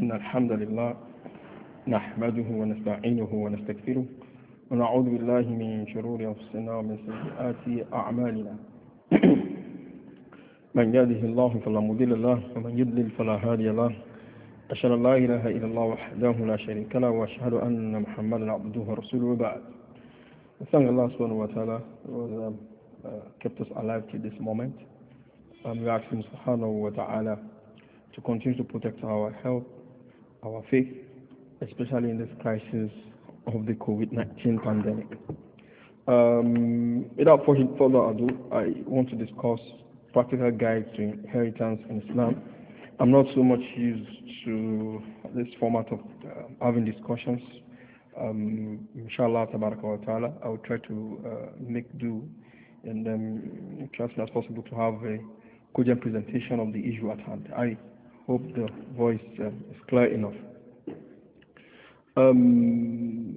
إن الحمد لله نحمده ونستعينه ونستكفره ونعوذ بالله من شرور أنفسنا ومن سيئات أعمالنا من يهده الله فلا مضل له ومن يضلل فلا هادي له أشهد أن لا إله إلا الله وحده لا شريك له وأشهد أن محمدا عبده ورسوله وبعد We thank Allah subhanahu wa ta'ala who has um, uh, kept us alive to this moment. Um, we ask Him subhanahu wa ta'ala to continue to protect our health our faith, especially in this crisis of the COVID-19 pandemic. Um, without further ado, I want to discuss practical guides to inheritance in Islam. I'm not so much used to this format of uh, having discussions. Um, inshallah, ta'ala, I will try to uh, make do and um, try as possible to have a cogent presentation of the issue at hand. I hope the voice um, is clear enough. Um,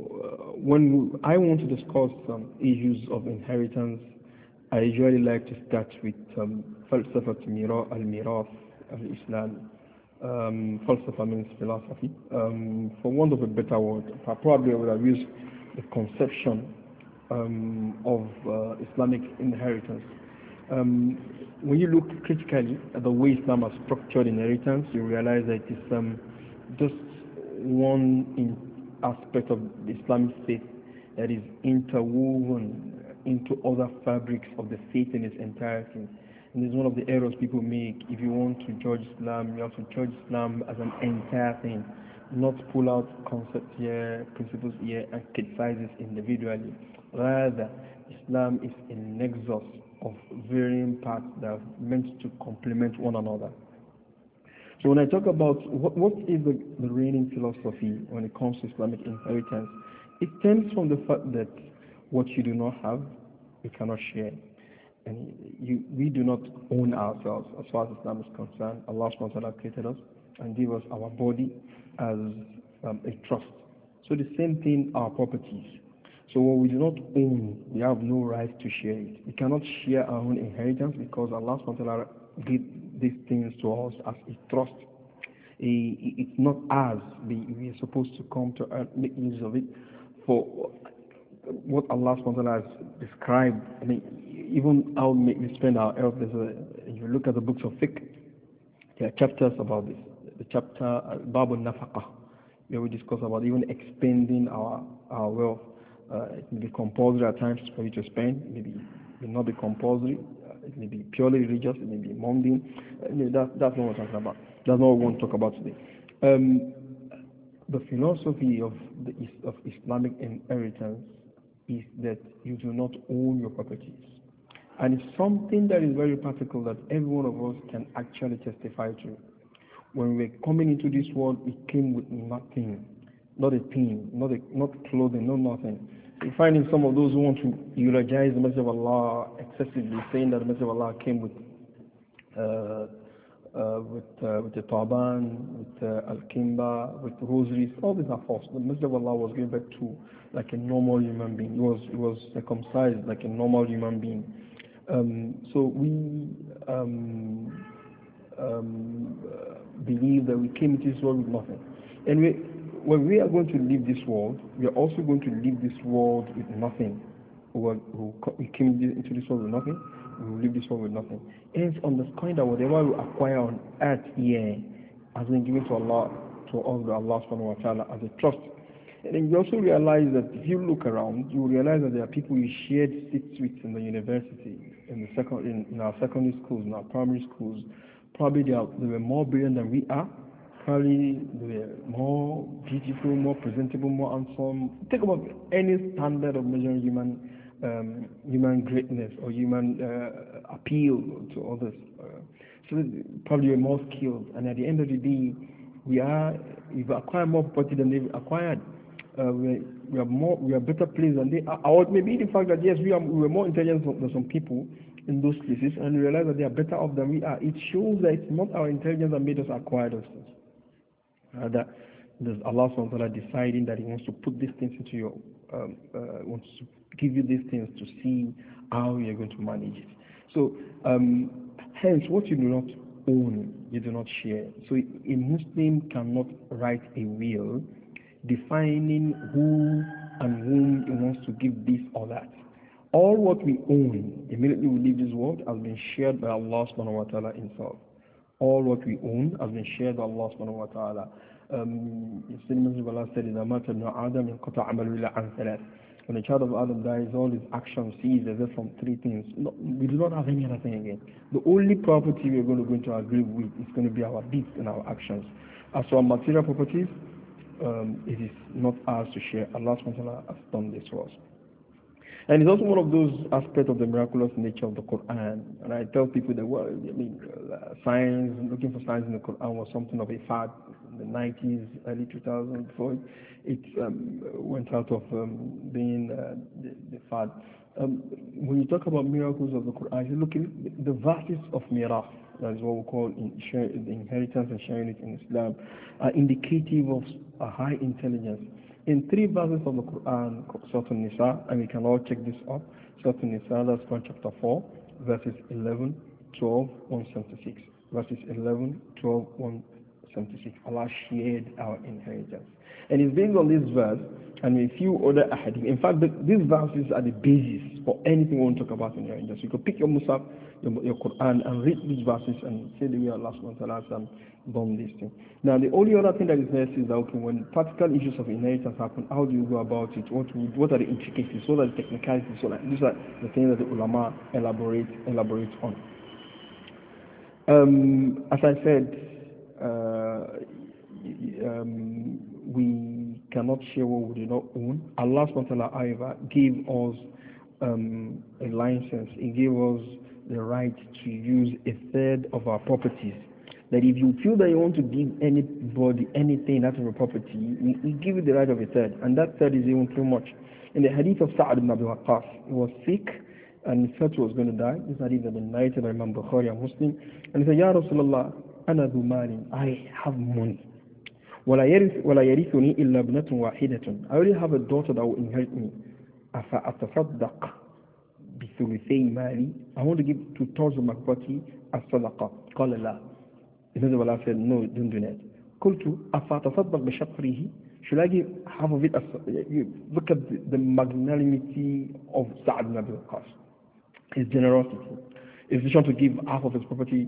when I want to discuss some issues of inheritance, I usually like to start with فلسفة ميراث الميراث الإسلام um, falsafa means philosophy. Um, for want of a better word, I probably would have used the conception um, of uh, Islamic inheritance. Um, when you look critically at the way Islam has structured inheritance, you realize that it's um, just one aspect of the Islamic faith that is interwoven into other fabrics of the faith in its entirety. And it's one of the errors people make. If you want to judge Islam, you have to judge Islam as an entire thing, not pull out concepts here, principles here, and criticize it individually. Rather, Islam is inexhaustible of varying parts that are meant to complement one another. So when I talk about what, what is the, the reigning philosophy when it comes to Islamic inheritance, it stems from the fact that what you do not have, you cannot share. And you, we do not own ourselves as far as Islam is concerned. Allah subhanahu wa ta'ala created us and gave us our body as um, a trust. So the same thing, our properties. So what we do not own, we have no right to share it. We cannot share our own inheritance because Allah subhanahu did these things to us as a trust. It's not ours. We are supposed to come to earth, make use of it for what Allah subhanahu has described. I mean, even how we spend our health, if you look at the books of fiqh, there are chapters about this. The chapter, uh, Babu Nafaqah, where we discuss about even expanding our, our wealth uh, it may be compulsory at times for you to spend. Maybe it may not be compulsory. Uh, it may be purely religious. It may be mundane. Uh, that, that's not what I'm talking about. That's not what we want to talk about today. Um, the philosophy of, the, of Islamic inheritance is that you do not own your properties. And it's something that is very practical that every one of us can actually testify to. When we're coming into this world, we came with nothing not a thing, not a, not clothing, no nothing. We you find in some of those who want to eulogize the message of Allah excessively, saying that the message of Allah came with uh, uh, with uh, with the turban, with uh, al-kimba, with rosaries. All these are false. The Messenger of Allah was given back to like a normal human being. He was he was circumcised like a normal human being. Um, so we um, um, uh, believe that we came into this world with nothing, Anyway when we are going to leave this world, we are also going to leave this world with nothing. We came into this world with nothing, we will leave this world with nothing. Hence, understand that whatever we acquire on earth here has been given to Allah, to us by Allah subhanahu wa ta'ala as a trust. And then you also realize that if you look around, you realize that there are people you shared seats with in the university, in the second, in, in our secondary schools, in our primary schools. Probably they, are, they were more brilliant than we are carry the more beautiful, more presentable, more handsome. Take about any standard of measuring human um, human greatness or human uh, appeal to others. Uh, so probably you're more skilled. And at the end of the day, we are we've acquired more property than they've acquired. Uh, we, we are more we are better placed than they are. Or maybe the fact that yes, we are we are more intelligent than some people in those places and we realize that they are better off than we are. It shows that it's not our intelligence that made us acquire those things that does Allah subhanahu deciding that He wants to put these things into your, um, uh, wants to give you these things to see how you're going to manage it. So, um, hence, what you do not own, you do not share. So, a Muslim cannot write a will defining who and whom he wants to give this or that. All what we own immediately we leave this world has been shared by Allah subhanahu wa ta'ala himself all what we own has been shared by Allah subhanahu wa ta'ala. Um, Allah said, إِذَا مَاتَ ابْنُ آدَمٍ قَطَعَ عَمَلُ إِلَّا When the child of Adam dies, all his actions cease except from three things. No, we do not have any other thing again. The only property we are going to go into with is going to be our deeds and our actions. As for material properties, um, it is not ours to share. Allah subhanahu wa ta'ala has done this for us. And it's also one of those aspects of the miraculous nature of the Quran. And I tell people that, well, I mean, uh, science, looking for science in the Quran was something of a fad in the 90s, early 2000s, before it um, went out of um, being uh, the, the, fad. Um, when you talk about miracles of the Quran, you look at the verses of miraf, that is what we call in share, the inheritance and sharing it in Islam, are indicative of a high intelligence in three verses of the Quran, Surah An-Nisa, and we can all check this up. Surah An-Nisa, that's Quran chapter 4, verses 11, 12, 176. Verses 11, 12, 1, 76, Allah shared our inheritance. And it's based on this verse and a few other ahadith. In fact, the, these verses are the basis for anything we want to talk about in inheritance. You could pick your Musaf, your, your, Quran, and read these verses and say the way Allah subhanahu bomb um, this thing. Now, the only other thing that is necessary is that, okay, when practical issues of inheritance happen, how do you go about it? What, what are the intricacies? What are the technicalities? So, like, these are the things that the ulama elaborate, elaborate on. Um, as I said, uh, um, we cannot share what we do not own. Allah subhanahu however, gave us um, a license. He gave us the right to use a third of our properties. That if you feel that you want to give anybody anything out of a property, we, we give you the right of a third. And that third is even too much. In the hadith of Sa'ad ibn Abi Waqqas, he was sick and he thought he was going to die. This hadith had been narrated by Imam Bukhari a Muslim. And he said, Ya Rasulullah, أنا ذو مال I have money ولا يرث ولا يرثني إلا I already have a daughter that will inherit me أفأتصدق بثلثي مالي I want to give two thirds of my property الصدقة قال لا النبي ولا said no don't do that قلت أفأتصدق بشطره should I give half of it as look at the, the magnanimity of Sa'ad ibn Abi Waqqas his generosity his decision to give half of his property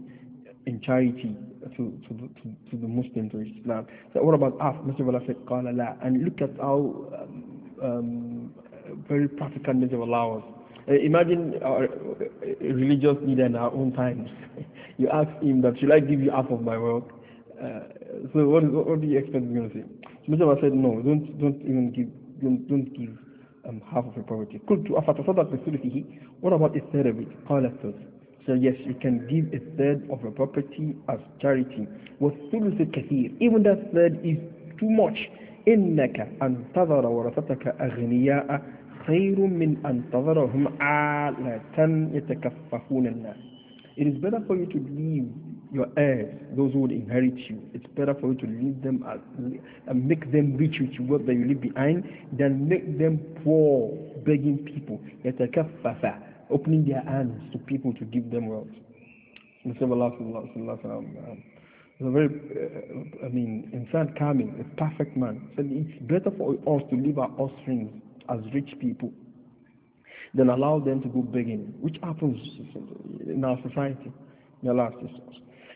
in charity to, to, the, to, to the Muslims or Islam. So what about us? Messenger said, Qala la. And look at how um, um very practical Messenger Allah uh, us. imagine our uh, religious leader in our own times. you ask him that, should I give you half of my wealth? Uh, so what what do you expect he's going to say? So Messenger said, no, don't, don't even give, don't, don't give um, half of your property. قلت أفتصدق بثلثه What about a third of it? قال الثلث so yes, you can give a third of your property as charity. وَالثُّلُثُ كَثِيرٌ Even that third is too much. إِنَّكَ أَن تَذَرَ وَرَثَتَكَ أَغْنِيَاءَ خَيْرٌ مِّنْ أَن تَذَرَهُمْ عَالَةً يَتَكَفَّفُونَ النَّاسِ It is better for you to leave your heirs, those who would inherit you. It's better for you to leave them and make them rich with what that you leave behind than make them poor, begging people. يَتَكَفَّفَ opening their hands to people to give them wealth. It's um, a very, uh, I mean, in fact, Kamil, a perfect man, said it's better for us to leave our offspring as rich people than allow them to go begging, which happens in our society, in our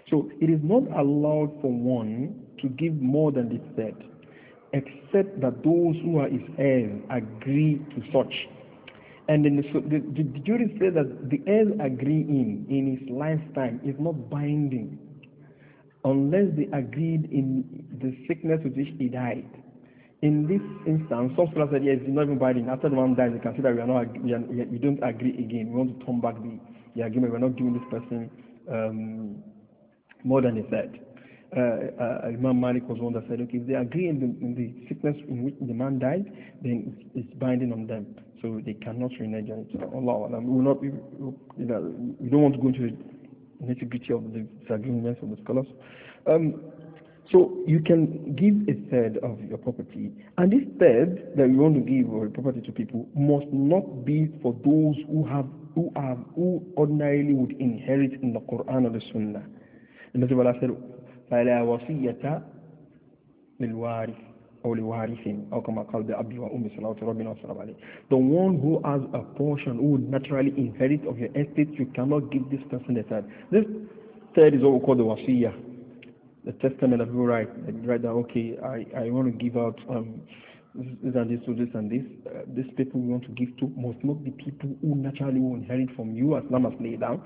So it is not allowed for one to give more than the third, except that those who are his heirs agree to such. And then the, the, the, jury said that the heirs agreeing in his lifetime is not binding unless they agreed in the sickness with which he died. In this instance, some scholars said, yes, it's not even binding. After the man dies, you can say that we, are not, we, are, we don't agree again. We want to turn back the, the agreement. We're not giving this person um, more than he said. Uh, uh, Imam Malik was one that said, okay, if they agree in the, in the sickness in which the man died, then it's, it's binding on them. So they cannot renege on it. Allah, we, will not, we, we don't want to go into the nitty-gritty of the disagreements of the scholars. Um, so you can give a third of your property, and this third that you want to give or property to people must not be for those who have who have who ordinarily would inherit in the Quran or the Sunnah. And that's what Allah said, فَلَا وَصِيَّةَ لِلْوَارِثِ the The one who has a portion who would naturally inherit of your estate, you cannot give this person the third. This third is what we call the wasiyah, the testament that we write. That write that okay, I, I want to give out um, this and this to this and this. Uh, these people we want to give to must not be people who naturally will inherit from you as Islam has laid down,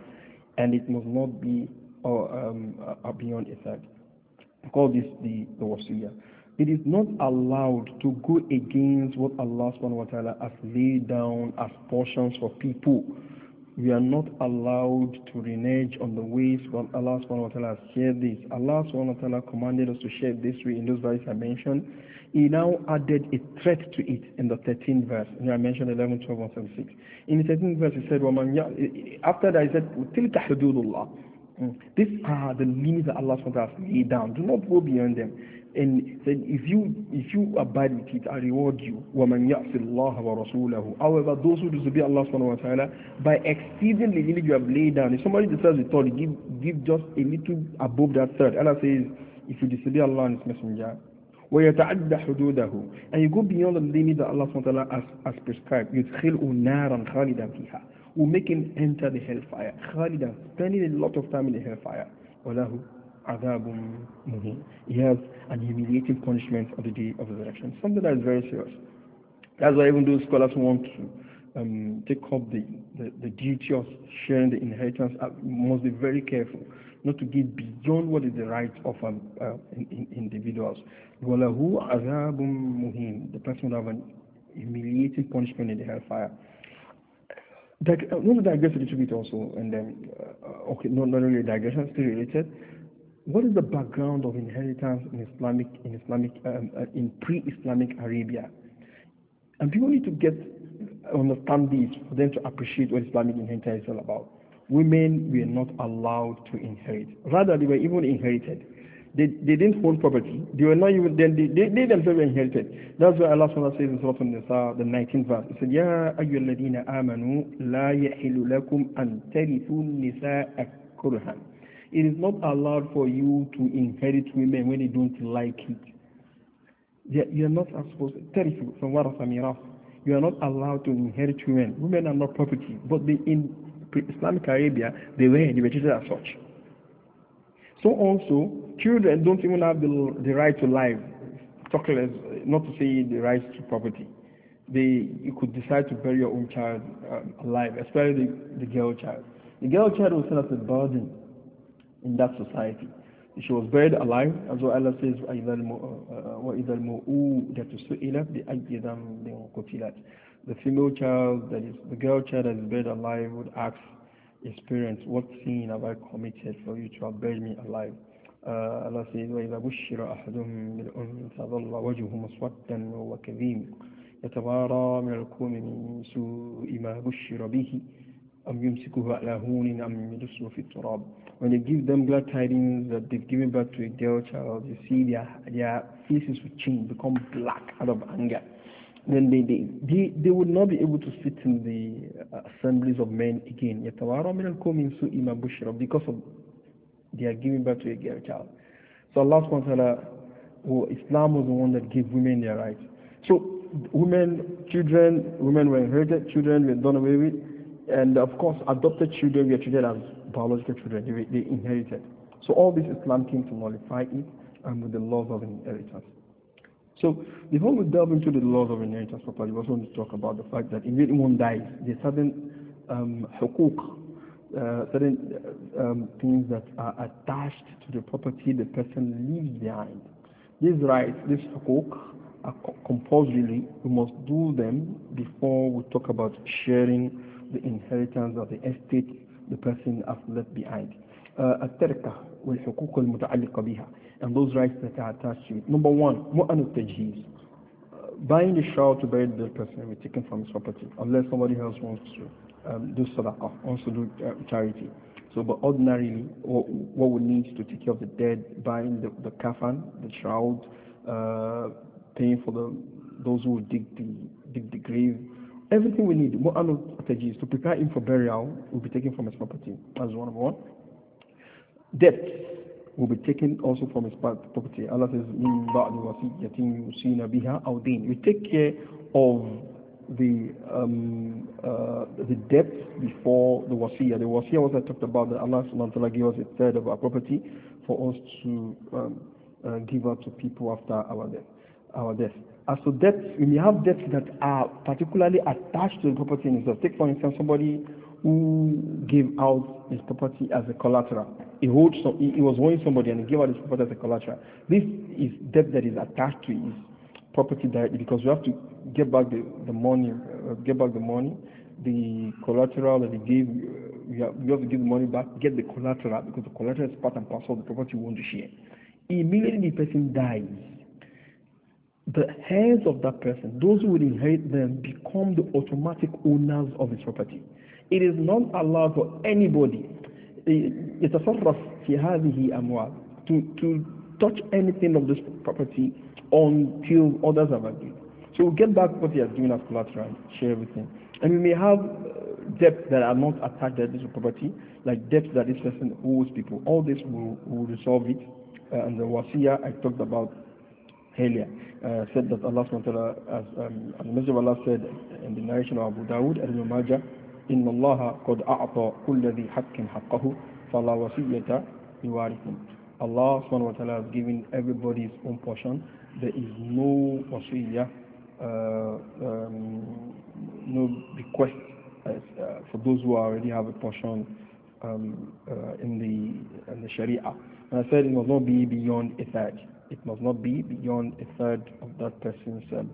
and it must not be or um, uh, beyond a third. We call this the the wasiyah it is not allowed to go against what Allah subhanahu wa ta'ala has laid down as portions for people. We are not allowed to renege on the ways when Allah subhanahu wa ta'ala has shared this. Allah subhanahu wa ta'ala commanded us to share this way in those verses I mentioned. He now added a threat to it in the 13th verse. And I mentioned 11, 12, and 76. In the 13th verse, he said, after that, he said, تِلْكَ حُدُودُ اللَّهِ These are the limits that Allah subhanahu wa ta'ala has laid down. Do not go beyond them and then if you if you abide with it, I reward you. وَمَنْ يَعْصِ اللَّهَ وَرَسُولَهُ However, those who disobey Allah subhanahu wa ta'ala, by exceeding the limit you have laid down, if somebody deserves a third, give give just a little above that third. Allah says, if you disobey Allah and His Messenger, وَيَتَعَدَّ حُدُودَهُ And you go beyond the limit that Allah subhanahu wa ta'ala has, has prescribed. يُدْخِلْءُ نَارًا خَالِدًا فِيهَا Will make him enter the hellfire. خَالِدًا Spending a lot of time in the hellfire. وَلَهُ adabun mm-hmm. muhim. He has an humiliating punishment on the day of resurrection. Something that is very serious. That's why even those scholars want to um, take up the, the, the duty of sharing the inheritance uh, must be very careful not to give beyond what is the right of um, uh, in, in individuals. وَلَهُ The person will have an humiliating punishment in the hellfire. I want uh, to digress a little bit also, and then, uh, uh okay, not, not really digression, still related. What is the background of inheritance in Islamic, in Islamic, um, uh, in pre-Islamic Arabia? And people need to get understand this for them to appreciate what Islamic inheritance is all about. Women were not allowed to inherit; rather, they were even inherited. They, they didn't hold property. They were not even then they, they, they themselves were inherited. That's why Allah Subhanahu says in Surah An-Nisa, the 19th verse. He said, "Ya ayyuhalladhina amanu la yahilu lakum an tarithu an-nisaa kurhan." It is not allowed for you to inherit women when you don't like it. You are not supposed to, from what you are not allowed to inherit women. Women are not property, but they, in Islamic Arabia, they were, they were treated as such. So also, children don't even have the, the right to life, talk less, not to say the right to property. They, you could decide to bury your own child um, alive, especially the, the girl child. The girl child was seen as a burden in that society. She was buried alive, as Allah says, وَإِذَا الْمُؤُودَةُ سُئِلَتْ بِأَيِّ ذَنْبٍ The female child, that is, the girl child that is buried alive would ask his parents, what sin have I committed for you to have buried me alive? Uh, Allah says, وَإِذَا بُشِّرَ أَحَدُهُمْ بِالْأُنْثَى ظَلَّ وَجْهُهُ مُسْوَدًّا وَهُوَ يتوارى من القوم من سوء ما بشر به أم يمسكه على هون أم يدسه في التراب when they give them glad tidings that they've given birth to a girl child, you see their their faces will change, become black out of anger. Then they they, they, they would not be able to sit in the uh, assemblies of men again. Because of they are giving birth to a girl child. So Allah subhanahu well, Islam was the one that gave women their rights. So women, children, women were inherited, children were done away with, and of course adopted children were treated as biological children, they, they inherited. So all this Islam came to nullify it and with the laws of inheritance. So before we delve into the laws of inheritance properly, we also want to talk about the fact that if anyone dies, there are certain um, hukuk, uh, certain uh, um, things that are attached to the property the person leaves behind. These rights, these hukuk, are compulsorily, we must do them before we talk about sharing the inheritance of the estate the person has left behind. التركة والحقوق المتعلقة بها and those rights that are attached to it. Number one, مؤن التجهيز uh, buying a shawl to bury the person will be taken from his property unless somebody else wants to um, do sadaqah, wants to do uh, charity. So, but ordinarily, what, what we need to take care of the dead, buying the, the the shroud, uh, paying for the those who dig the dig the grave, Everything we need, mu'anul strategies to prepare him for burial will be taken from his property. That's one of one. Debt will be taken also from his property. Allah says, min ba'di wasiyatin yusina biha aw We take care of the um, uh, the debt before the wasiyah. The wasiyah was I talked about that Allah subhanahu wa ta'ala gave us a third of our property for us to um, uh, give out to people after our death. Our death. And so debts, you may have debts that are particularly attached to the property in itself. Take for instance somebody who gave out his property as a collateral. He, holds some, he, he was owing somebody and he gave out his property as a collateral. This is debt that is attached to his property directly because you have to get back the, the money, uh, get back the money, the collateral that he gave, uh, you have, you have to give the money back, get the collateral because the collateral is part and parcel of the property you want to share. Immediately the person dies the heirs of that person, those who will inherit them, become the automatic owners of his property. It is not allowed for anybody eh, to, to touch anything of this property until others have agreed. So we'll get back what he has given us collateral and share everything. And we may have eh, debts that are not attached to this property, like debts that this person owes people. All this will, will resolve it. Eh, and the wasiya I talked about earlier uh, said that Allah subhanahu wa as um, the Messenger of Allah said in the narration of Abu Dawood, Al Majah, إن الله قد أعطى كل ذي حق حقه فلا وصية Allah subhanahu wa ta'ala has given everybody's own portion. There is no wasiyah, uh, um, no bequest uh, for those who already have a portion um, uh, in, the, in the Sharia. And I said it must not be beyond a third it must not be beyond a third of that person's um,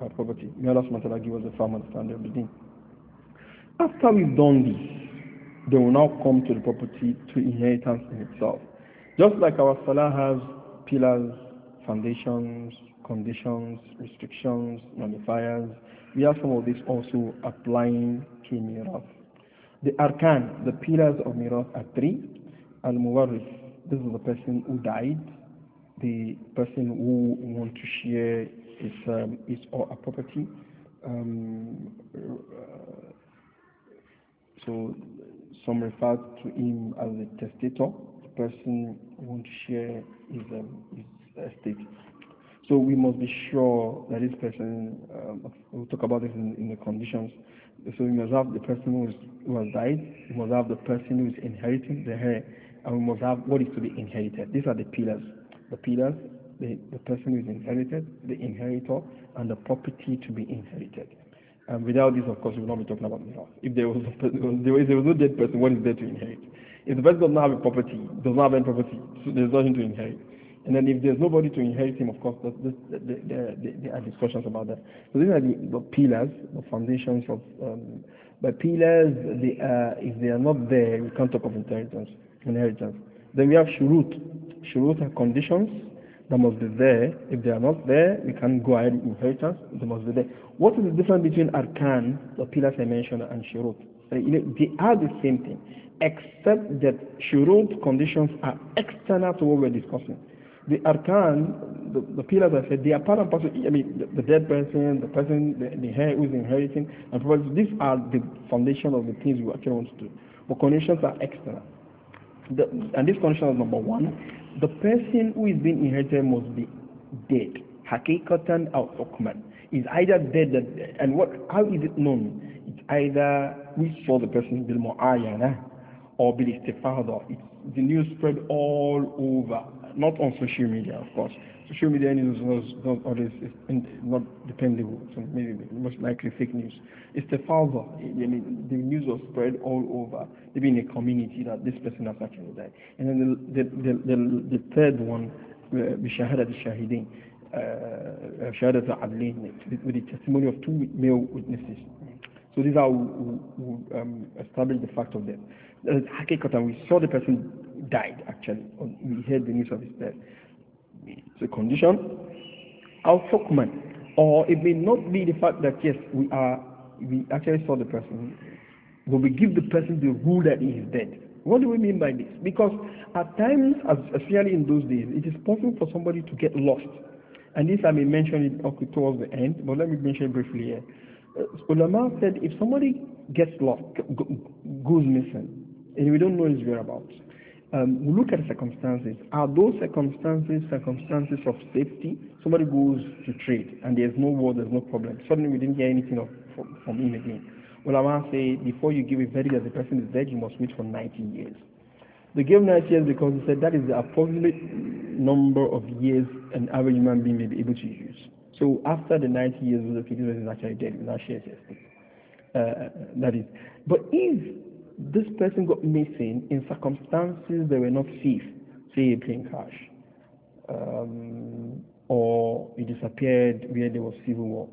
uh, property. May Allah subhanahu give us a firm understanding of the deen. After we've done this, they will now come to the property to inheritance in itself. Just like our salah has pillars, foundations, conditions, restrictions, nullifiers, we have some of these also applying to mirath. The arkan, the pillars of mirath are three. this is the person who died, the person who want to share his, um, his or a property. Um, uh, so some refer to him as a testator, the person who want to share his, um, his estate. So we must be sure that this person, um, we'll talk about this in, in, the conditions. So we must have the person who, is, who has died, we must have the person who is inheriting the heir, and we must have what is to be inherited. These are the pillars the pillars, the, the person who is inherited, the inheritor, and the property to be inherited. And without this, of course, we will not be talking about mirror. If there was, if there was no dead person, what is there to inherit? If the person does not have a property, does not have any property, so there's nothing to inherit. And then if there's nobody to inherit him, of course, there are discussions about that. So these are the, the pillars, the foundations of. Um, but pillars, they are, if they are not there, we can't talk of inheritance. Inheritance. Then we have shurut, shurut and conditions that must be there. If they are not there, we can go ahead with inheritance. They must be there. What is the difference between arkan, the pillars I mentioned, and shurut? They are the same thing, except that shurut conditions are external to what we're discussing. The arkan, the, the pillars I said, they are part and parcel. I mean, the, the, dead person, the person, the, the who is inheriting, and probably these are the foundation of the things we actually want to do. But conditions are external. The, and this condition is number one the person who is being inherited must be dead. Hakikatan al hukman. Is either dead and what how is it known? It's either we saw the person bil mu'ayyana or bil istifada. It's the news spread all over, not on social media of course, social media news was not always not dependable, so maybe most likely fake news. It's the father. I mean, the news was spread all over, maybe in a community that this person has actually died. And then the the the, the, the third one, بشهادة الشاهدين, شهادة Adlin, with the testimony of two male witnesses. So these are who, who um, established the fact of death. we saw the person died actually. We heard the news of his death. It's a condition. Our hukman, or it may not be the fact that yes, we are we actually saw the person, but we give the person the rule that he is dead. What do we mean by this? Because at times, especially in those days, it is possible for somebody to get lost. And this I may mention it towards the end, but let me mention briefly here. Uh, Ulama said if somebody gets lost, goes missing, and we don't know his whereabouts, um, we look at circumstances. Are those circumstances circumstances of safety? Somebody goes to trade and there's no war, there's no problem. Suddenly we didn't hear anything of, from, from him again. Well, I want to say before you give a verdict that the person is dead, you must wait for 90 years. They gave 90 years because they said that is the approximate number of years an average human being may be able to use. So after the 90 years, the person is actually dead without shares. Uh, that is. But if this person got missing in circumstances they were not safe, say a plane crash, um, or he disappeared where there was civil war,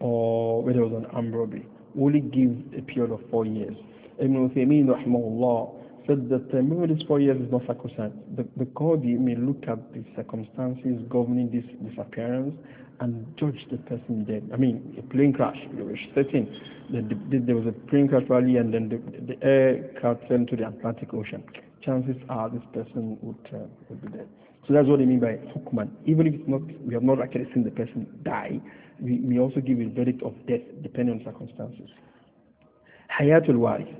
or where there was an armed robbery. Only give a period of four years. Ibn Uthaymeen rahimahullah said that uh, maybe this four years is not sacrosanct. The, the Qadi may look at the circumstances governing this disappearance and judge the person dead. I mean, a plane crash. You were certain that the, the, there was a plane crash probably, and then the, the aircraft sent to the Atlantic Ocean. Chances are this person would, uh, would be dead. So that's what I mean by hukman. Even if it's not, we have not actually seen the person die, we, we also give a verdict of death depending on circumstances. Hayatul warith.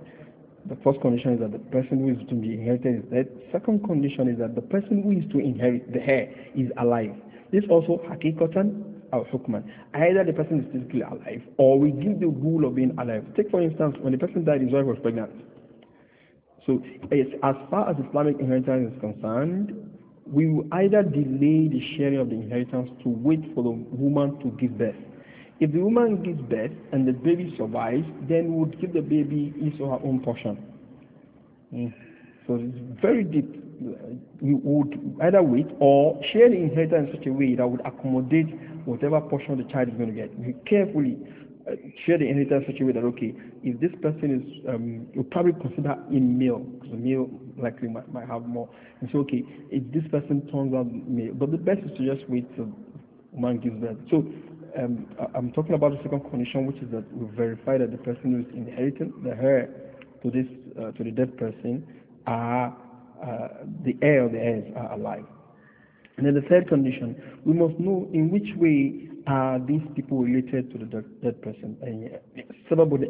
The first condition is that the person who is to be inherited is dead. Second condition is that the person who is to inherit the heir is alive. This also hakikatan hukman. Either the person is physically alive or we give the rule of being alive. Take for instance, when the person died, his wife was pregnant. So as far as Islamic inheritance is concerned, we will either delay the sharing of the inheritance to wait for the woman to give birth. If the woman gives birth and the baby survives, then we would give the baby his or her own portion. Mm. So it's very deep. You would either wait or share the inheritance in such a way that would accommodate whatever portion the child is going to get. We carefully uh, share the inheritance such a way that, okay, if this person is, um, you probably consider in male, because male likely might, might have more. And so, okay, if this person turns out male, but the best is to just wait till man gives birth. So um, I'm talking about the second condition, which is that we verify that the person who is inheriting the heir to this uh, to the dead person are uh, the heir or the heirs are alive. And then the third condition, we must know in which way are these people related to the dead person. Eh, eh, Sababul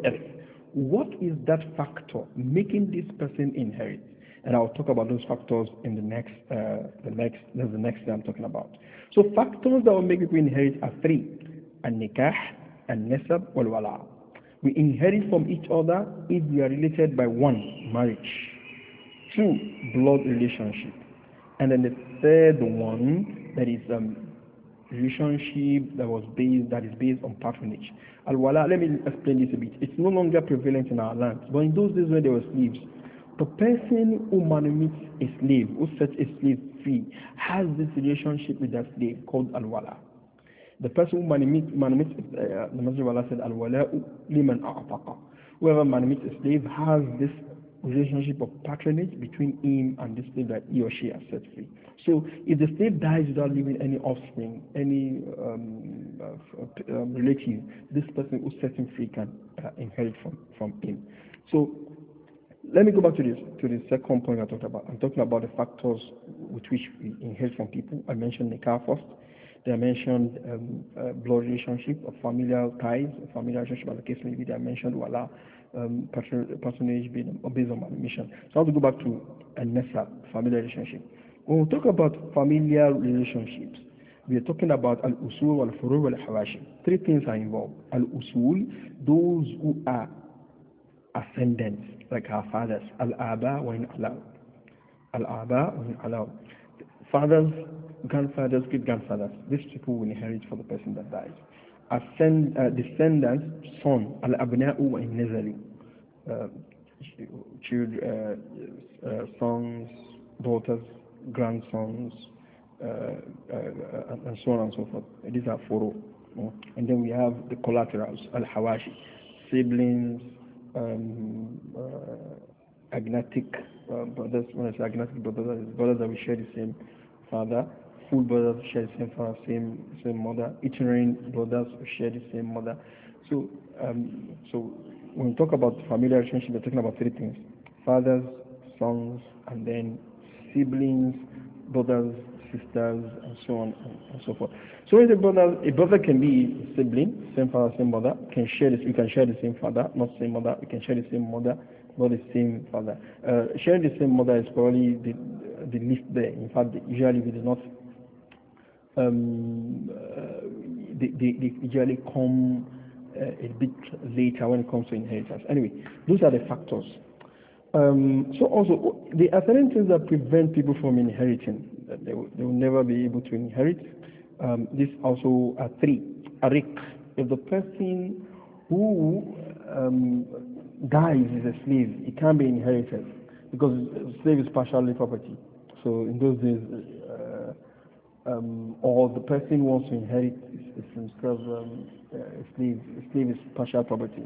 What is that factor making this person inherit? And I'll talk about those factors in the next, uh, the next, that's the next thing I'm talking about. So factors that will make people inherit are three: an-nikah, an-nasab, wal-wala. We inherit from each other if we are related by one, marriage, two, blood relationship, and then the third one, that is um, relationship that was based that is based on patronage. Al wala, let me explain this a bit. It's no longer prevalent in our land, but in those days when there were slaves, the person who manumits a slave, who sets a slave free, has this relationship with that slave called al wala. The person who manumits, manumits uh, the Messenger Allah said, al wala liman a'taqa. Whoever manumits a slave has this relationship of patronage between him and the slave that he or she has set free. So if the slave dies without leaving any offspring, any um, uh, um, relative, this person who set him free can uh, inherit from, from him. So let me go back to this to the second point I talked about. I'm talking about the factors with which we inherit from people. I mentioned the car first. They mentioned um, uh, blood relationship, or familial ties, or familial relationship, as the case may be. They mentioned wala, um, patronage being based on admission. So I have to go back to Anessa, family relationship. When we talk about familial relationships, we are talking about al-usul, al-furu, al-hawashim. Three things are involved. Al-usul, those who are ascendants, like our fathers. Al-aba wa in Al-aba wa in Fathers, grandfathers, great-grandfathers. These people will inherit for the person that dies ascend, uh, descendants, son, al-abna'u wa in uh, children, uh, uh, sons, daughters, grandsons, uh, uh, and so on and so forth. These are furu. And then we have the collaterals, al-hawashi, siblings, um, brothers, when I say brothers, brothers that we share the same father, full brothers share the same father, same same mother, itinerant brothers share the same mother. So um, so when we talk about familial relationship, we're talking about three things: fathers, sons, and then siblings, brothers, sisters, and so on and, so forth. So when a brother, a brother can be a sibling, same father, same mother, can share this. We can share the same father, not same mother. We can share the same mother, not the same father. Uh, sharing the same mother is probably the the least there. In fact, usually we do not um, uh, they, they, they, usually come uh, a bit later when it comes to inheritance. Anyway, those are the factors. Um, so also, the are certain things that prevent people from inheriting. They will, they will never be able to inherit. Um, this also are three. Arik, if the person who um, dies is a slave, it can't be inherited because slave is partially property. So in those days, um, or the person wants to inherit his, himself, um, uh, slave, is partial property,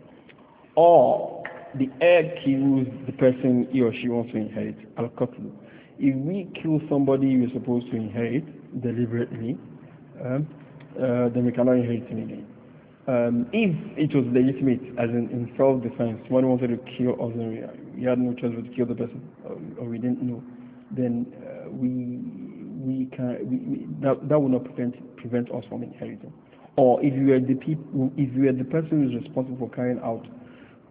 or the heir kills the person he or she wants to inherit, al If we kill somebody we're supposed to inherit deliberately, um, uh, then we cannot inherit him again. Um, if it was legitimate, as in, in self-defense, one wanted to kill us and we, we had no choice but to kill the person, or, or we didn't know, then uh, we we can we, we, that, that will not prevent prevent us from inheriting. Or if you are the people, if you are the person who is responsible for carrying out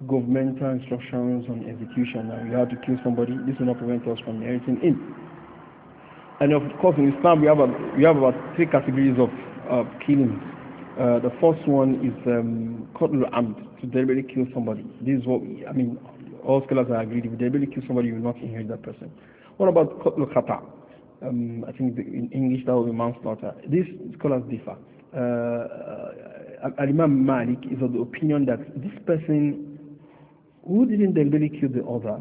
governmental instructions on execution, and you have to kill somebody, this will not prevent us from inheriting In And of course, in Islam, we have a, we have about three categories of killings. Uh, the first one is um, to deliberately kill somebody. This is what I mean. All scholars are agreed. If you deliberately kill somebody, you will not inherit that person. What about qatl um, I think in English that will be manslaughter. These scholars differ. Uh, remember uh, Imam Malik is of the opinion that this person who didn't deliberately kill the other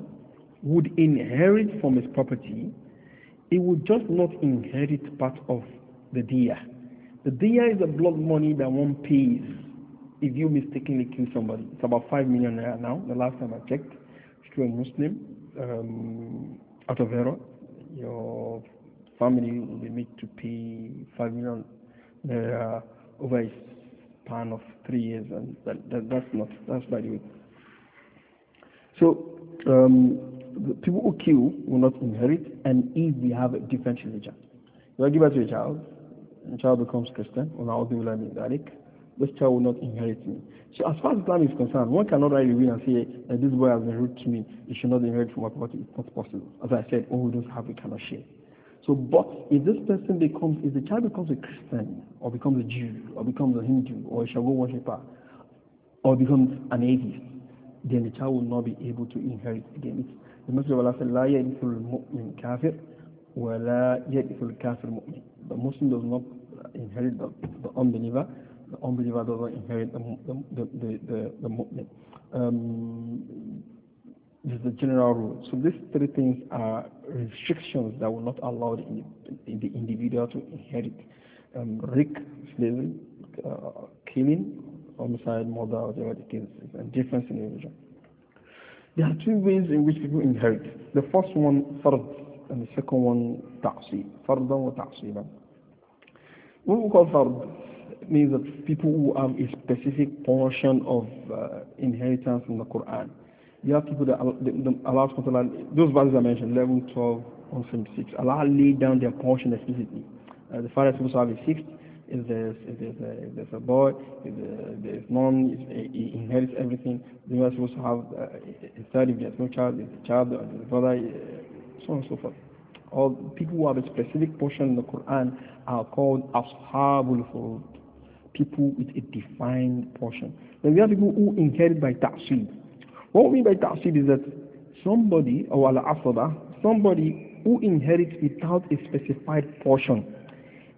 would inherit from his property, he would just not inherit part of the dia. The dia is the blood money that one pays if you mistakenly kill somebody. It's about 5 million naira now, the last time I checked. If you're a Muslim, um, out of error, your family will be made to pay 5 million naira over a span of three years, and that, that that's not, that's by the way. So, um, the people who kill will not inherit, and if we have a different religion. You give birth to a child, and the child becomes Christian, this child will not inherit me. So as far as Islam is concerned, one cannot really win and say that this boy has been rude to me, he should not inherit from my property. It's not possible. As I said, all we don't have, we cannot share. So, but if this person becomes, if the child becomes a Christian, or becomes a Jew, or becomes a Hindu, or a Shago worshipper, or becomes an atheist, then the child will not be able to inherit again. It's the Messenger of Allah said, La yadithul mu'min kafir, wa la yadithul kafir mu'min. The Muslim does not inherit the, the unbeliever, the unbeliever does not inherit the, the, the, the, the, the mu'min. Um, this is the general rule. So these three things are restrictions that will not allow the, the individual to inherit um, rick, slavery, uh, killing, homicide, murder, whatever the case is, and difference in religion. There are two ways in which people inherit. The first one, fard, and the second one, ta'asib. Fardan wa ta'asiban. What we call fard means that people who have a specific portion of uh, inheritance in the Quran you have people that Allah subhanahu those verses I mentioned, level 12 on 76. Allah laid down their portion explicitly. Uh, the father is supposed to have a sixth. If there's, if there's, a, if there's a boy, if there's, a mom, if he inherits everything, the mother is supposed to have uh, a third if there's no child, if the child, or the brother, uh, so on and so forth. All people who have a specific portion in the Quran are called Ashabul people with a defined portion. Then we have people who inherit by ta'asib. What we mean by ta'asib is that somebody, or al-asaba, somebody who inherits without a specified portion,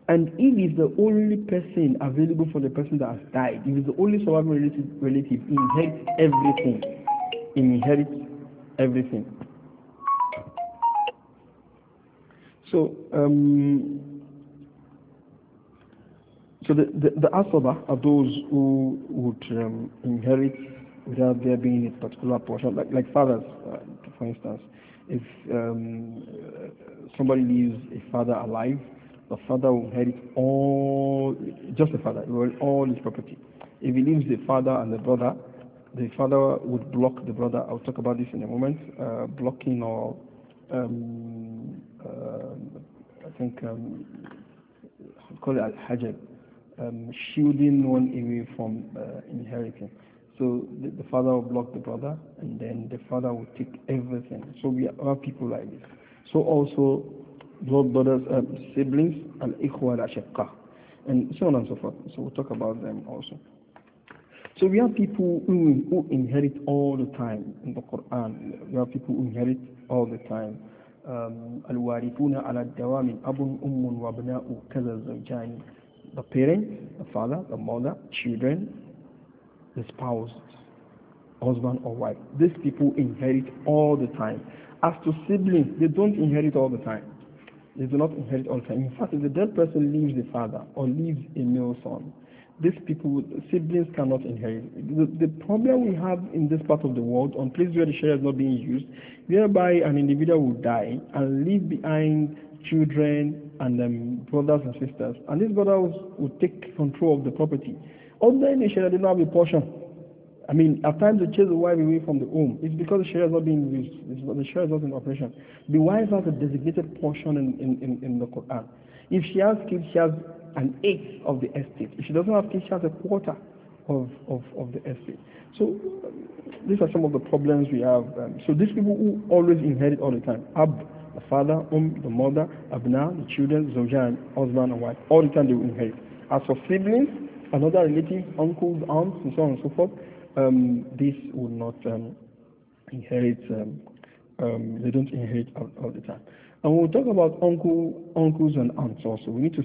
and if is the only person available for the person that has died, if is the only surviving relative, relative inherits everything, inherits everything. So, um, so the, the, the asaba are those who would um, inherit without there being a particular portion, like, like fathers, uh, for instance. If um, somebody leaves a father alive, the father will inherit all, just the father, will all his property. If he leaves the father and the brother, the father would block the brother. I'll talk about this in a moment. Uh, blocking or, um, uh, I think, um, call it al-hajab, um, shielding one away from uh, inheriting. So the, the, father will block the brother, and then the father will take everything. So we are people like this. So also, blood brothers and siblings, al ikhwa ashaqqa, and so on and so forth. So we'll talk about them also. So we have people who, who inherit all the time in the Quran. We have people who inherit all the time. الوارثون على الدوام أب أم وابناء كذا الزوجان the parent, the father, the mother, children, the spouse, husband or wife. These people inherit all the time. As to siblings, they don't inherit all the time. They do not inherit all the time. In fact, if the dead person leaves the father or leaves a male son, these people, siblings cannot inherit. The, the, problem we have in this part of the world, on places where the share is not being used, whereby an individual will die and leave behind children and um, brothers and sisters, and these brothers will take control of the property. Although the the Sharia did not have a portion. I mean, at times they chase the wife away from the home. It's because the Sharia is not being used. It's the Sharia is not in operation. The wife has a designated portion in, in, in, in the Quran. If she has kids, she has an eighth of the estate. If she doesn't have kids, she has a quarter of, of, of the estate. So these are some of the problems we have. Um, so these people who always inherit all the time, Ab, the father, Um, the mother, Abna, the children, Zawjan, husband and wife, all the time they will inherit. As for siblings, another relative, uncles, aunts, and so on and so forth, um, this will not um, inherit, um, um, they don't inherit all, all, the time. And when we talk about uncle, uncles and aunts also, we need to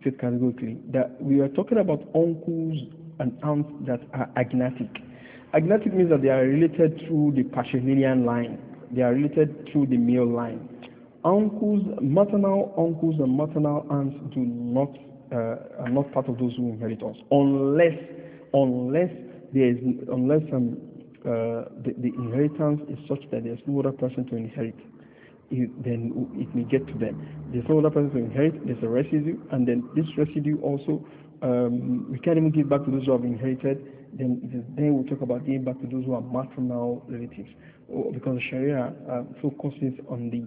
state categorically that we are talking about uncles and aunts that are agnatic. Agnatic means that they are related through the patrilineal line. They are related through the male line. Uncles, maternal uncles and maternal aunts do not uh, are not part of those who inherit us, unless unless there is unless um, uh, the, the, inheritance is such that there's no other person to inherit. It, then it may get to them. There's no other person to inherit. There's a residue, and then this residue also um, we can't even give back to those who have inherited. Then then we'll talk about giving back to those who are maternal relatives, because Sharia uh, focuses on the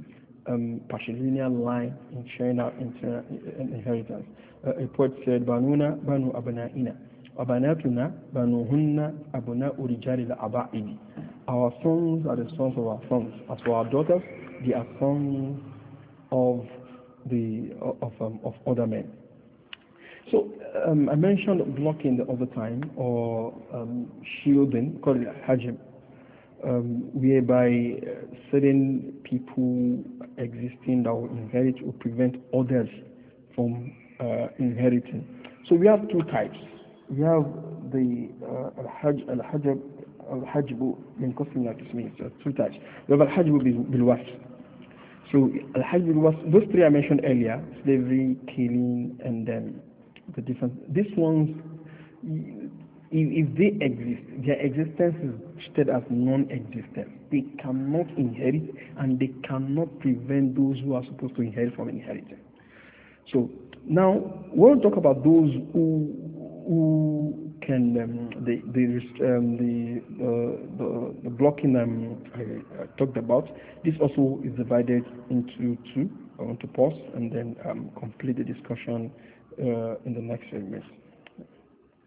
um, patrilineal line in sharing our inheritance. Uh, a poet said, Banuna, Banu Abana'ina. Abanatuna, Banuhunna, Abuna Urijari Aba'idi. Our sons are the sons of our sons. As for our daughters, they are sons of the of um, of other men. So um, I mentioned blocking the other time or um, shielding, called hajim um, whereby uh, certain people existing that will inherit will prevent others from uh, inheriting. So we have two types. We have the uh, al-hajj, al-hajjab, al-hajjab min al two types. The al-hajjab is bilwaas. So al-hajj bil-wasf, those three I mentioned earlier, slavery, killing, and then the different. These ones, if, if they exist, their existence is treated as non-existent. They cannot inherit and they cannot prevent those who are supposed to inherit from inheriting. So now, we'll talk about those who who can um, um the the um, the, uh, the, the blocking um, I, talked about. This also is divided into two. I want to pause and then um, complete the discussion uh, in the next segment.